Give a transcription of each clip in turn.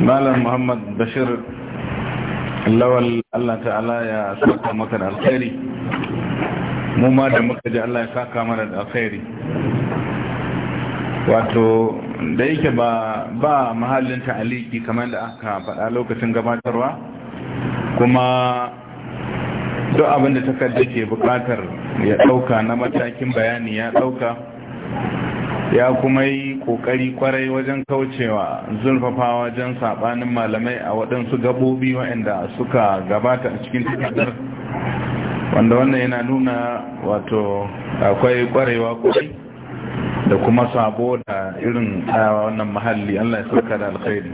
malam muhammad bashir lawal allah ta'ala ya saka maka da alkhairi mu ma da muka ji allah ya saka mana da alkhairi wato da yake ba ba mahallin ta'aliki kamar da aka faɗa lokacin gabatarwa kuma duk abin da takarda ke bukatar ya ɗauka na matakin bayani ya ɗauka ya kuma yi kokari kwarai wajen kaucewa zurfafa wajen sabanin malamai a waɗansu gabobi waɗanda suka gabata a cikin takardar wanda wannan yana nuna wato akwai kwarewa kwarai da kuma sabo da irin tsayawa wannan mahalli allah ya sauka da alkhairi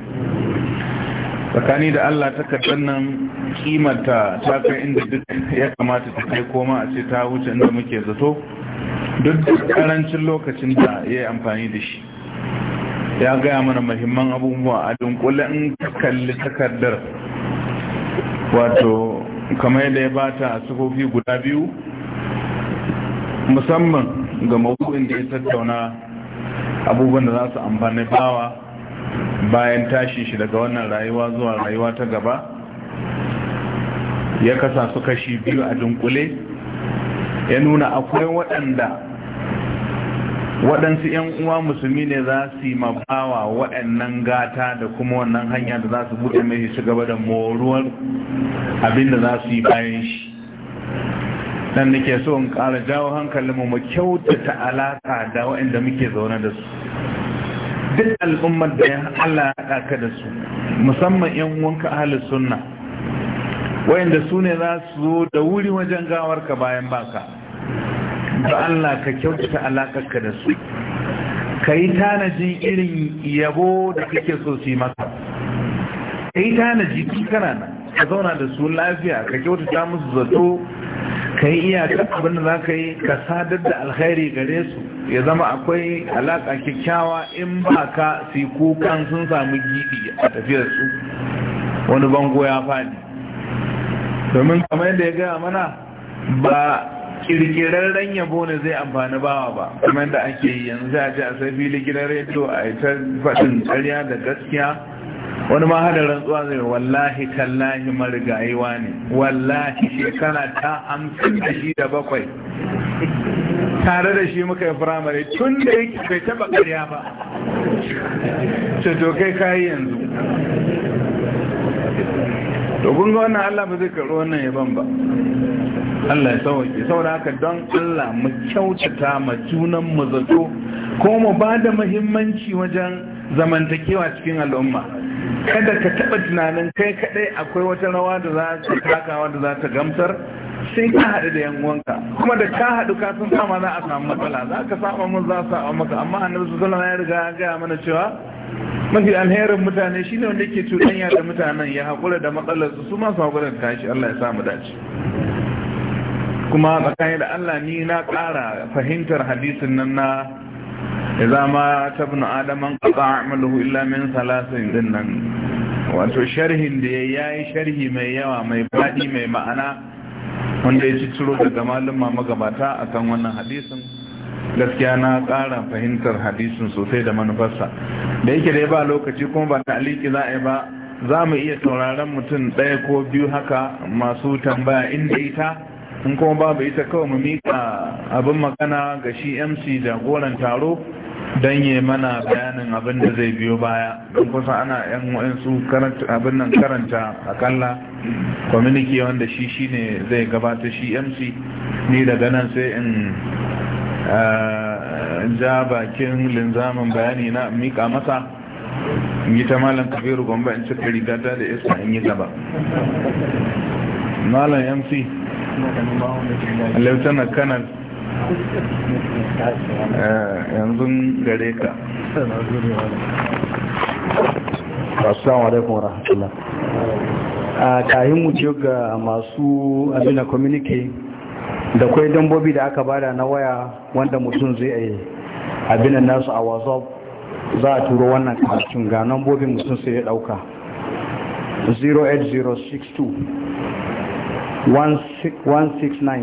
tsakani da allah takardar nan kimanta ta kai inda duk ya kamata ta kai koma a ce ta wuce inda muke zato duk karancin lokacin da ya yi amfani da shi ya gaya mana muhimman abubuwa a dunkule in kalli takardar wato kamar yadda ya bata a sufofi guda biyu musamman ga mawuyin da ya tattauna abubuwan da za su amfani bawa bayan tashi shi daga wannan rayuwa zuwa rayuwa ta gaba ya kasa su kashi biyu a dunkule ya nuna akwai waɗanda waɗansu 'yan uwa musulmi ne za su yi mabawa waɗannan gata da kuma wannan hanya da za su buɗe mai su gaba da moruwar abin da za su yi bayan shi dan nake so in ƙara jawo hankalin mu kyautata alaƙa da waɗanda muke zaune da su duk al'ummar da ya Allah ya da su musamman 'yan uwanka ahalus sunna waɗanda su ne za su zo da wuri wajen gawarka bayan baka da Allah ka kyautata alakarka da su ka yi tanajin irin yabo da kake so su yi maka ka yi tanaji kana na ka zauna da su lafiya ka kyautata musu zato ka yi iyakar abin da za ka yi ka sadar da alkhairi gare su ya zama akwai alaƙa kyakkyawa in ba ka su kukan sun samu gidi a tafiyar su wani bango ya faɗi domin kamar yadda ya gaya mana ba kirkirarren yabo ne zai amfani bawa ba kamar da ake yi yanzu a ji a sai fili gidan rediyo a yi ta faɗin da gaskiya wani ma hada rantsuwa zai wallahi tallahi marigayiwa ne wallahi shekara ta hamsin da shi da bakwai tare da shi muka yi firamare tun da yake bai taɓa ƙarya ba ce to kai kayi yanzu to kun ga wannan Allah ba zai karɓi wannan yaban ba Allah ya sauke saboda haka don Allah mu kyautata ma junan mu zato ko mu ba da muhimmanci wajen zamantakewa cikin al'umma kada ka taɓa tunanin kai kaɗai akwai wata rawa da za ta taka da za ta gamsar sai ka haɗu da yan uwanka kuma da ka haɗu ka san sama za a samu matsala za ka saba mun za a samu maka amma annabi sallallahu alaihi wasallam ya riga ya gaya mana cewa mafi alherin mutane shine wanda yake cuɗanya da mutanen ya haƙura da matsalarsu su masu haƙura da tashi Allah ya samu dace kuma tsakanin da Allah ni na ƙara fahimtar hadisin nan na zama ta bin adaman qata amaluhu illa min salasin din nan wato sharhin da yi sharhi mai yawa mai faɗi mai ma'ana wanda ya ci ciro daga malama magabata kan wannan hadisin gaskiya na tsara fahimtar hadisin sosai da manufarsa da yake dai ba lokaci kuma ba ta aliki za a yi ba za mu iya sauraron mutum ɗaya ko biyu haka masu tambaya inda ita in kuma babu ita kawai mu mika abin magana ga shi mc jagoran taro don yi mana bayanin abin da zai biyo baya don kusa ana yan wa'insu abin nan karanta akalla kwaminiki wanda shi shine zai gabata shi mc ni daga nan sai in ja bakin linzamin bayani na mika masa in yi ta malam kabiru gomba in cika rigata da iska in yi gaba malam mc lieutenant Kanal, yanzu gare ka assalamu alaikum warahmatullah a kayan mu ga masu abin da communicate da kwai dambobi da aka bada na waya wanda mutum zai yi eh, abinan nasu a whatsapp za a turo wannan karatun ga nambobin mutum sai ya dauka 08062 169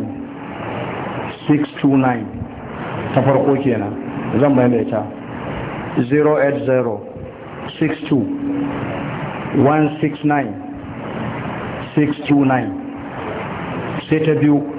629 ta farko kenan zan bayan da ita 080 62 169 629 sai ta biyu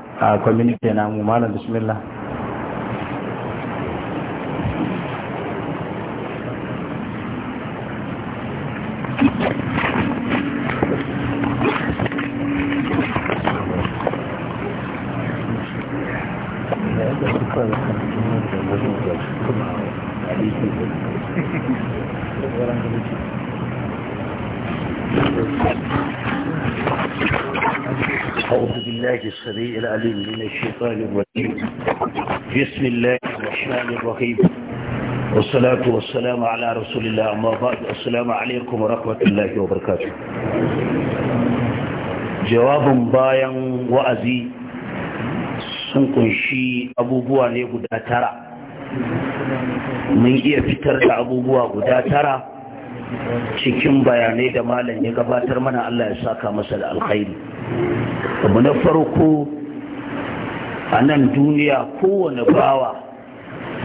a community na mu malam bismillah أعوذ بالله السميع العليم من الشيطان الرجيم بسم الله الرحمن الرحيم والصلاة والسلام على رسول الله أما بعد السلام عليكم ورحمة الله وبركاته jawabin bayan wa'azi sun kunshi abubuwa ne mun iya fitar da abubuwa guda tara cikin bayanai da malam ya gabatar mana Allah ya saka masa da alkhairi abu na farko a nan duniya kowane bawa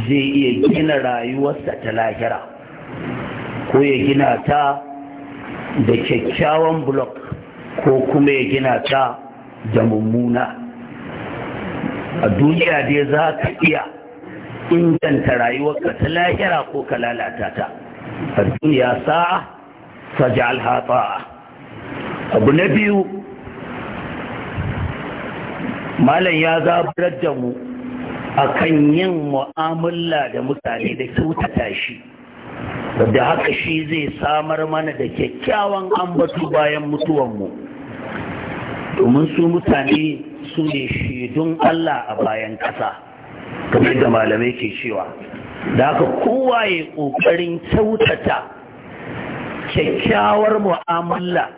zai iya gina rayuwarsa ta lahira ko ya gina ta da kyakkyawan blok ko kuma ya gina ta da mummuna a duniya dai za ka iya inganta rayuwarka ta lahira ko ka lalata ta a duniya sa'a faja'al hata'a abu na biyu malam ya zaburar da mu akan yin mu'amala da mutane da kyautata shi da haka shi zai samar mana da kyakkyawan ambatu bayan mutuwanmu domin su mutane su ne shaidun Allah a bayan ƙasa kamar da malamai ke cewa da haka kowa ya ƙoƙarin kyautata kyakkyawar mu'amala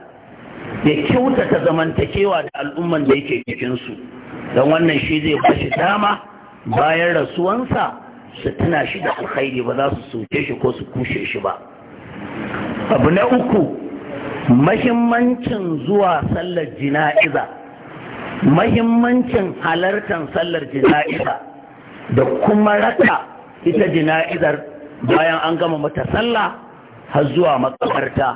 ya kyautata zamantakewa da al'umman da yake cikinsu don wannan shi zai bashi dama bayan rasuwansa su tuna shi da alkhairi ba za su soke shi ko su kushe shi ba abu na uku mahimmancin zuwa sallar jina'iza mahimmancin halartar sallar jina'iza da kuma raka ita jina'izar bayan an gama mata sallah har zuwa makabarta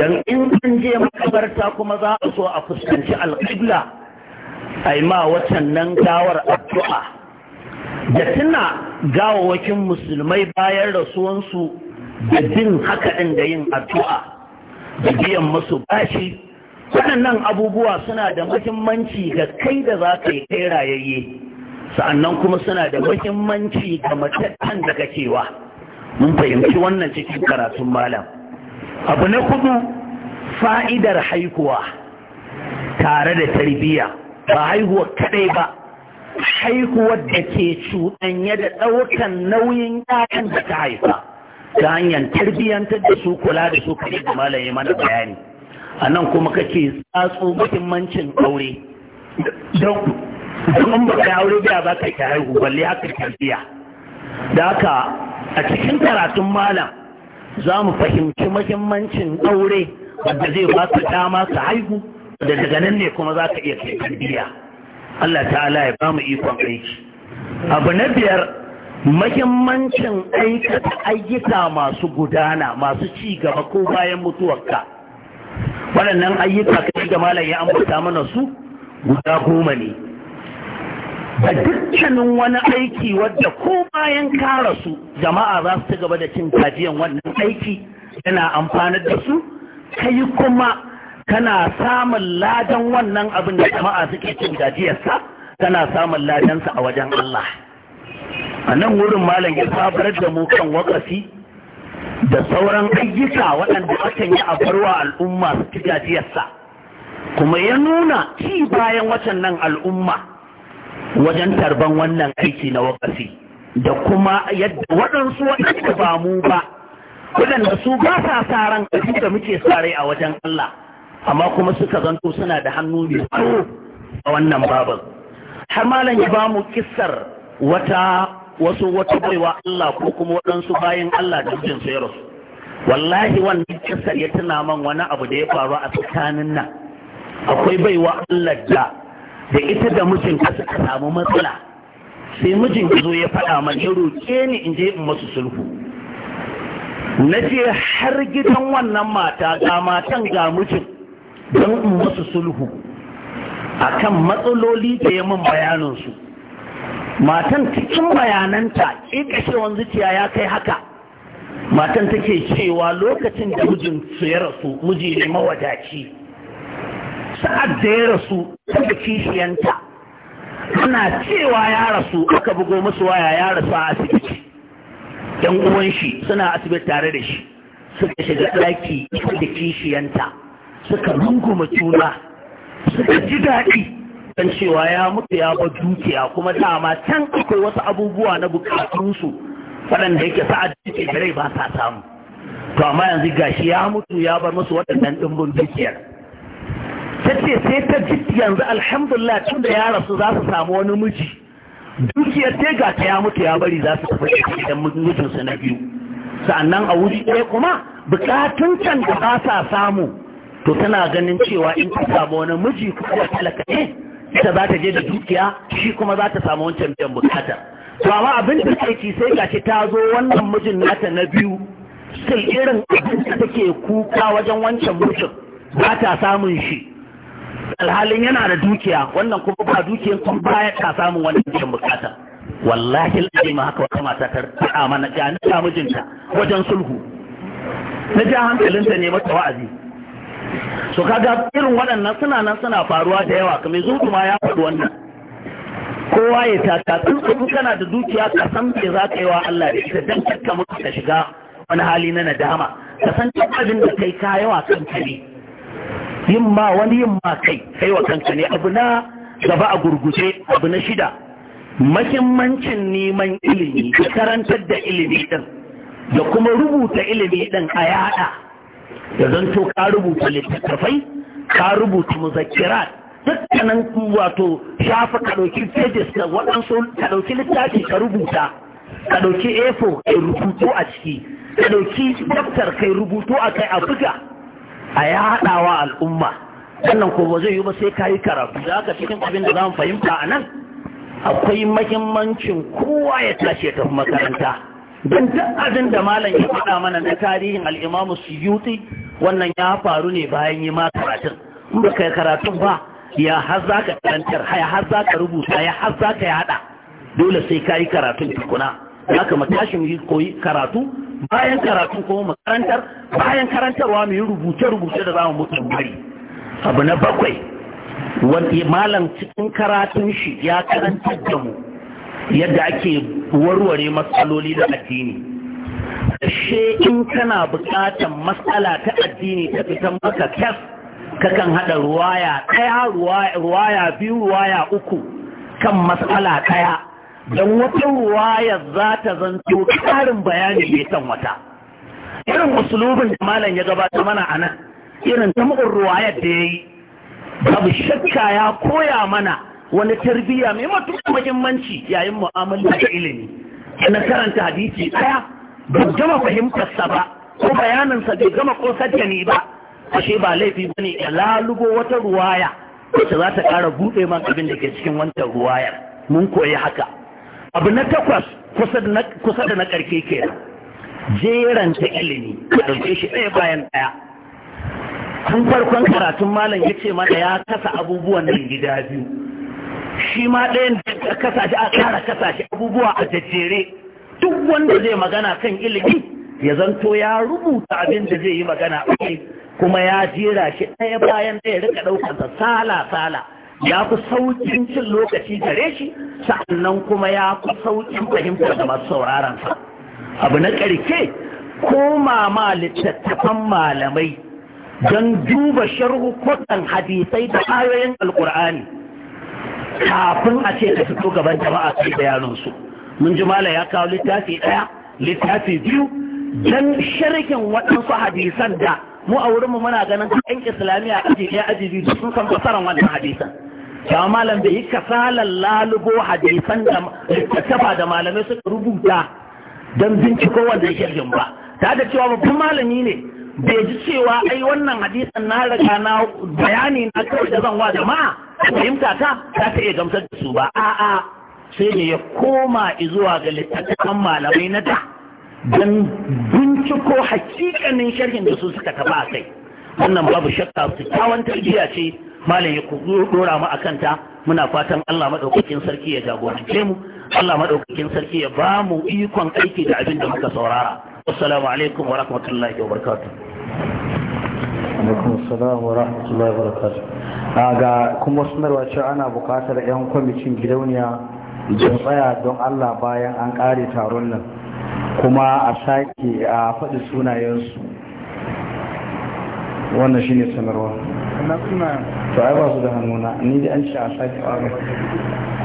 don in an je makabarta kuma za a so a fuskanci alƙibla a yi ma watannan gawar addu'a da tuna gawawakin musulmai bayan rasuwansu da jin haka ɗin da yin addu'a da biyan masu bashi waɗannan abubuwa suna da muhimmanci ga kai da za ka yi kai rayayye sa'annan kuma suna da mahimmanci ga matattan da kakewa mun fahimci wannan cikin karatun malam abu na kudu fa'idar haikuwa tare da tarbiyya ba haihuwar kaɗai ba haihuwar da ke cuɗanye da ɗaukan nauyin ƴaƴan da ta haifa ta hanyar tarbiyyantar da su kula da su kaɗai da malaye mana bayani a nan kuma kake tsatso muhimmancin aure don ba ka aure biya ba ka ke haihu balle haka tarbiyya da haka a cikin karatun malam za mu fahimci muhimmancin aure wanda zai ba ka dama ka haihu da daga nan ne kuma za ka iya kai tarbiya Allah ta'ala ya ba mu ikon aiki abu na biyar mahimmancin aikata ayyuka masu gudana masu ci gaba ko bayan mutuwarka waɗannan ayyuka ka da malam ya ambata mana su guda goma ne a dukkanin wani aiki wadda ko bayan kara su jama'a za su ci gaba da cin kajiyan wannan aiki yana amfanar da su kai kuma kana samun ladan wannan abin da jama'a suke cin gajiyarsa kana samun ladansa a wajen Allah a nan wurin malam ya sabar da mu kan wakasi da sauran ayyuka waɗanda akan yi a farwa al'umma su ci gajiyarsa kuma ya nuna ci bayan nan al'umma wajen tarban wannan aiki na wakasi da kuma yadda waɗansu waɗanda ba mu ba waɗanda su ba sa sa ran da muke sare a wajen Allah amma kuma suka zanto suna da hannu mai tsawo a wannan babin har malam ya ba mu kissar wata wasu wata baiwa Allah ko kuma waɗansu bayan Allah da jin sayarwa wallahi wannan kissar ya tuna man wani abu da ya faru a tsakanin nan akwai baiwa Allah da da ita da mijinka suka samu matsala sai mijin zo ya faɗa man ya roƙe ni in je in masu sulhu na je har gidan wannan mata ga matan ga mijin don in wasu sulhu akan matsaloli da ya min bayaninsu matan cikin bayananta wanzu zuciya ya kai haka matan take cewa lokacin da mijin su ya rasu miji ne mawadaci sa'ad da ya rasu daga kishiyanta ana cewa ya rasu aka bugo musu waya ya rasu a asibiti yan uwan shi suna asibiti tare da shi suka shiga ɗaki da kishiyanta suka runguma juna suka ji daɗi dan cewa ya mutu ya ba dukiya kuma dama can akwai wasu abubuwa na bukatunsu waɗanda yake sa'ad da rai ba sa samu to amma yanzu gashi ya mutu ya bar musu waɗannan ɗimbin dukiyar ta ce sai ta ji yanzu alhamdulillah tun da ya rasu za su samu wani miji dukiyar ta ga ta ya mutu ya bari za su tafi da mijinsu na biyu sa'annan a wuri ɗaya kuma bukatun can da ba sa samu to tana ganin cewa in ka samu wani miji kuma talaka ne ita za ta je da dukiya shi kuma za ta samu wancan biyan bukatar to amma abin da take sai gashi ta zo wannan mijin nata na biyu sai irin abin da take kuka wajen wancan mijin ba ta samun shi alhalin yana da dukiya wannan kuma ba dukiyan kuma baya ta samun wannan biyan bukatar wallahi al'adima haka wata mata ta faɗa mana ga mijinta wajen sulhu na ja hankalinta ne mata wa'azi so kaga irin waɗannan suna nan suna faruwa da yawa kuma zuku ma ya faɗi wannan kowa ya taka in kana da dukiya ka san me za ka yi wa Allah da ita dan ka mutu ka shiga wani hali na nadama ka san abin da kai ka yawa kanka ne yin ma wani yin ma kai kai wa kanka ne abu na gaba a gurguje abu na shida mahimmancin neman ilimi karantar da ilimi ɗin, da kuma rubuta ilimi ɗin a yaɗa. Da zan to ka rubuta littattafai ka rubuta muzakira dukkanin wato shafa ka ɗauki pages da waɗansu ka ɗauki littafi ka rubuta ka ɗauki a4 kai rubutu a ciki ka ɗauki daftar kai rubutu a kai a buga a ya haɗawa al'umma wannan ko ba zai yi ba sai ka yi karatu da haka cikin abin da za mu fahimta a nan akwai mahimmancin kowa ya tashi ya tafi makaranta don duk abin da malam ya faɗa mana na tarihin al'imamu yuti wannan ya faru ne bayan yi ma karatun in ba kai karatun ba ya har za ka karantar ya har za ka rubuta ya har za ka yada dole sai ka yi karatun tukuna ya ka tashin mu yi koyi karatu bayan karatu ko mu karantar bayan karantarwa mu yi rubuce-rubuce da za mu mutu bari abu na bakwai wani malam cikin karatun shi ya karantar da mu yadda ake warware matsaloli da addini she in kana bukatan matsala ta addini ta fita maka kyas kakan haɗa ruwaya ɗaya ruwaya biyu ruwaya uku kan matsala ɗaya don wata ruwaya za ta zanto ƙarin bayani mai san wata irin musulubin da malam ya gabata mana a nan irin tamu'in ruwayar da ya yi babu shakka ya koya mana wani tarbiyya mai matuƙa muhimmanci yayin mu'amala da ilimi na karanta hadisi ɗaya ba gama sa ba ko bayaninsa bai gama kosar da ni ba ashe ba laifi bane ne ya lalubo wata ruwaya wacce za ta ƙara buɗe man abin da ke cikin wannan ruwayar mun koyi haka abu na takwas kusa da na ƙarke jeran ta ilimi ka ɗauke shi ɗaya bayan ɗaya tun farkon karatun malam ya ce mana ya kasa abubuwan nan gida biyu shi ma ɗayan da kasashe a ƙara kasashe abubuwa a jajjere duk wanda zai magana kan ilimi ya zanto ya rubuta abin da zai yi magana kuma ya jera shi ɗaya bayan ɗaya rika ɗaukansa sala-sala ya fi saukin cin lokaci gare shi sa'annan kuma ya fi saukin fahimtar da masu sauraron sa. abu na ƙarke ko ma littattafan malamai don duba sharhu kwatan hadisai da ayoyin alkur'ani kafin a ce ka fito gaban jama'a sai da yaron su mun ji mala ya kawo littafi ɗaya littafi biyu dan sharhin waɗansu hadisan da mu a wurinmu muna ganin ɗan islamiyya aji ɗaya ajiye biyu sun san fasaran wannan hadisan ya malam bai yi kasalan lalubo hadisan da littattafa da malamai suka rubuta don binciko wannan shirin ba ta da cewa babban malami ne bai ji cewa ai wannan hadisan na riga na bayani na kawai da zan wa jama'a fahimta ta ta ta iya gamsar da su ba a'a sai da ya koma zuwa ga littattafan malamai na da don binciko hakikanin sharhin da su suka taba a kai wannan babu shakka kyakkyawan tarbiyya ce malam ya dora mu kanta muna fatan Allah maɗaukakin sarki ya jagorance mu Allah maɗaukakin sarki ya ba mu ikon aiki da abin da muka saurara assalamu alaikum wa rahmatullahi wa barakatuh alaikum assalam wa rahmatullahi wa barakatuh ga kuma sanarwa cewa ana bukatar 'yan kwamitin gidauniya don tsaya don allah bayan an kare taron nan kuma a sake a faɗi sunayensu wannan shi ne sanarwa to ai ba su da hannuna ni da an ce a sake ɓaga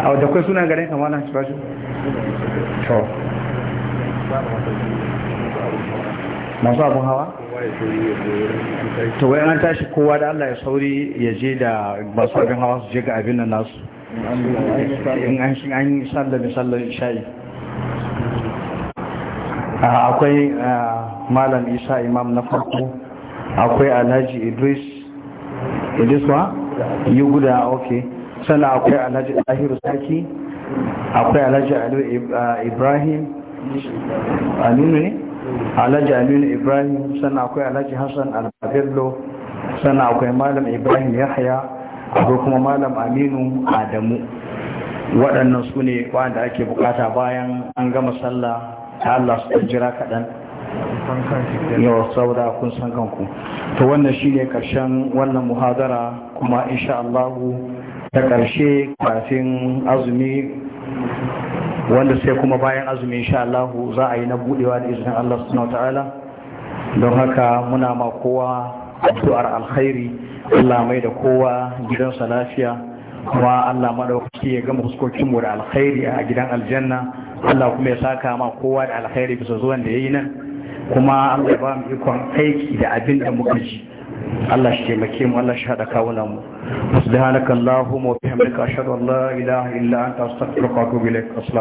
a da kai suna garin kama na shi ba shi to masu abin hawa? ta an tashi kowa da Allah ya sauri ya je da masu abin hawa su je ga abin nan nasu in an shi an yi sallar misallar ah, akwai ah, malam isa imam na farko akwai alhaji idris idris wa? yi guda ok sannan akwai alhaji ɗahiru sarki akwai alhaji ah, ibrahim alunu ne? alhaji aminu ibrahim sannan akwai alhaji hassan albabello sannan akwai malam ibrahim yahya ko kuma malam aminu adamu waɗannan su ne wanda ake bukata bayan an gama sallah ta allah su jira kaɗan yawa saboda kun san kanku to wannan shine ƙarshen wannan muhadara kuma insha allahu ta ƙarshe kafin azumi wanda sai kuma bayan azumi insha Allah za a yi na budewa da izinin Allah subhanahu ta'ala don haka muna ma kowa addu'ar alkhairi Allah mai da kowa gidansa lafiya kuma Allah madaukaki ya gama fuskokin mu da alkhairi a gidan aljanna Allah kuma ya saka ma kowa da alkhairi bisa zuwan da yayi nan kuma Allah ya ba mu ikon aiki da abin da muka ji Allah shi taimake mu Allah shi hada kawuna mu subhanakallahumma wa bihamdika ashhadu an la ilaha illa anta astaghfiruka wa atubu ilaik